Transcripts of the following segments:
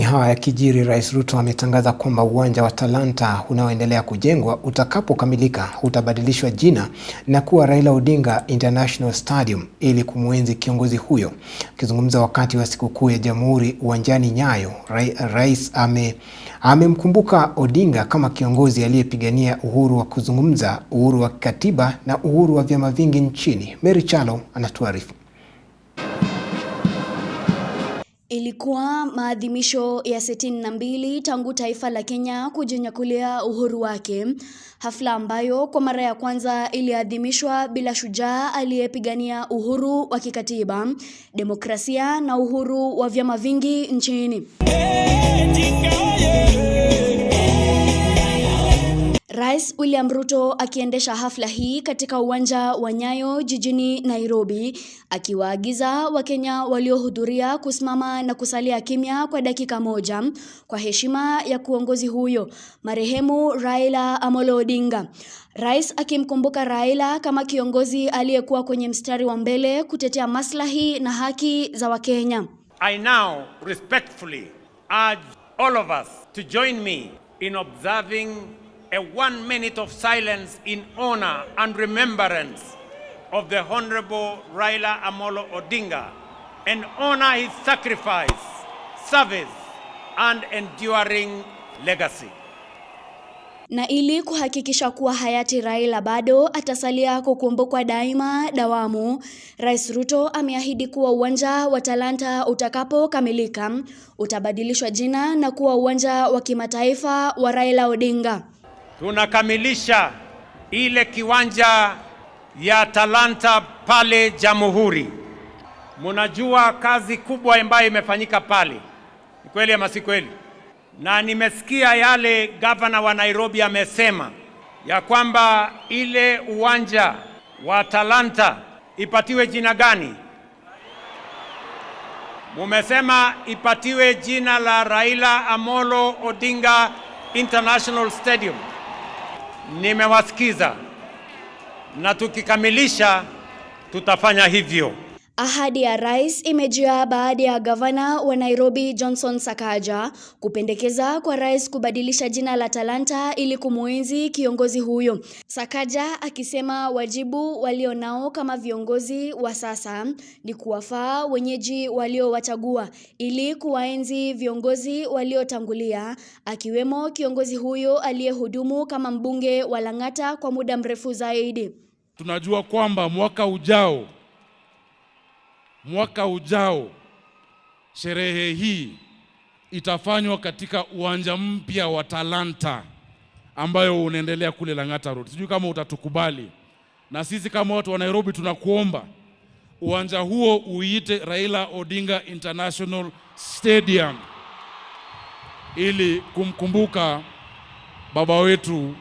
Haya yakijiri, Rais Ruto ametangaza kwamba uwanja wa Talanta unaoendelea kujengwa utakapokamilika utabadilishwa jina na kuwa Raila Odinga International Stadium ili kumwenzi kiongozi huyo. Akizungumza wakati wa sikukuu ya Jamhuri uwanjani Nyayo, Rais ame amemkumbuka Odinga kama kiongozi aliyepigania uhuru wa kuzungumza, uhuru wa kikatiba na uhuru wa vyama vingi nchini. Mary Kyalo anatuarifu. Ilikuwa maadhimisho ya sitini na mbili tangu taifa la Kenya kujinyakulia uhuru wake, hafla ambayo kwa mara ya kwanza iliadhimishwa bila shujaa aliyepigania uhuru wa kikatiba, demokrasia na uhuru wa vyama vingi nchini. William Ruto akiendesha hafla hii katika uwanja wa Nyayo jijini Nairobi, akiwaagiza Wakenya waliohudhuria kusimama na kusalia kimya kwa dakika moja kwa heshima ya kuongozi huyo marehemu Raila Amolo Odinga. Rais akimkumbuka Raila kama kiongozi aliyekuwa kwenye mstari wa mbele kutetea maslahi na haki za Wakenya. I now respectfully urge all of us to join me in observing a one minute of silence in honor and remembrance of the Honorable Raila Amolo Odinga and honor his sacrifice, service and enduring legacy. Na ili kuhakikisha kuwa hayati Raila bado atasalia kukumbukwa daima dawamu, Rais Ruto ameahidi kuwa uwanja wa Talanta utakapokamilika utabadilishwa jina na kuwa uwanja wa kimataifa wa Raila Odinga tunakamilisha ile kiwanja ya Talanta pale Jamhuri. Mnajua kazi kubwa ambayo imefanyika pale, ni kweli ama si kweli? Na nimesikia yale gavana wa Nairobi amesema ya kwamba ile uwanja wa Talanta ipatiwe jina gani? Mumesema ipatiwe jina la Raila Amolo Odinga International Stadium nimewasikiza na tukikamilisha tutafanya hivyo. Ahadi ya rais imejia baada ya gavana wa Nairobi Johnson Sakaja kupendekeza kwa rais kubadilisha jina la Talanta ili kumuenzi kiongozi huyo. Sakaja akisema wajibu walionao kama viongozi wa sasa ni kuwafaa wenyeji waliowachagua ili kuwaenzi viongozi waliotangulia, akiwemo kiongozi huyo aliyehudumu kama mbunge wa Lang'ata kwa muda mrefu zaidi. Tunajua kwamba mwaka ujao mwaka ujao sherehe hii itafanywa katika uwanja mpya wa Talanta ambayo unaendelea kule Lang'ata Road. Sijui kama utatukubali, na sisi kama watu wa Nairobi tunakuomba uwanja huo uite Raila Odinga International Stadium ili kumkumbuka baba wetu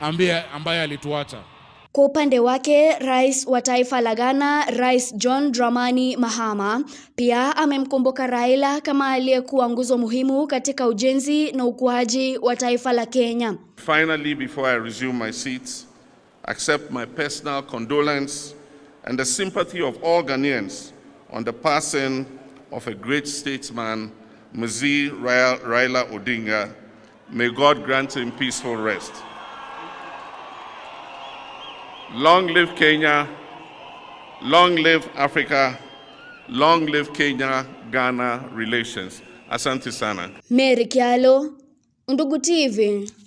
ambaye ambaye alituacha. Kwa upande wake rais wa taifa la Ghana, Rais John Dramani Mahama pia amemkumbuka Raila kama aliyekuwa nguzo muhimu katika ujenzi na ukuaji wa taifa la Kenya. Finally, before I resume my seat, accept my personal condolence and the sympathy of all Ghanaians on the passing of a great statesman, Mzee Raila Odinga. May God grant him peaceful rest. Long live Kenya, long live Africa, long live Kenya Ghana relations. Asante sana. Mary Kyalo, Undugu TV.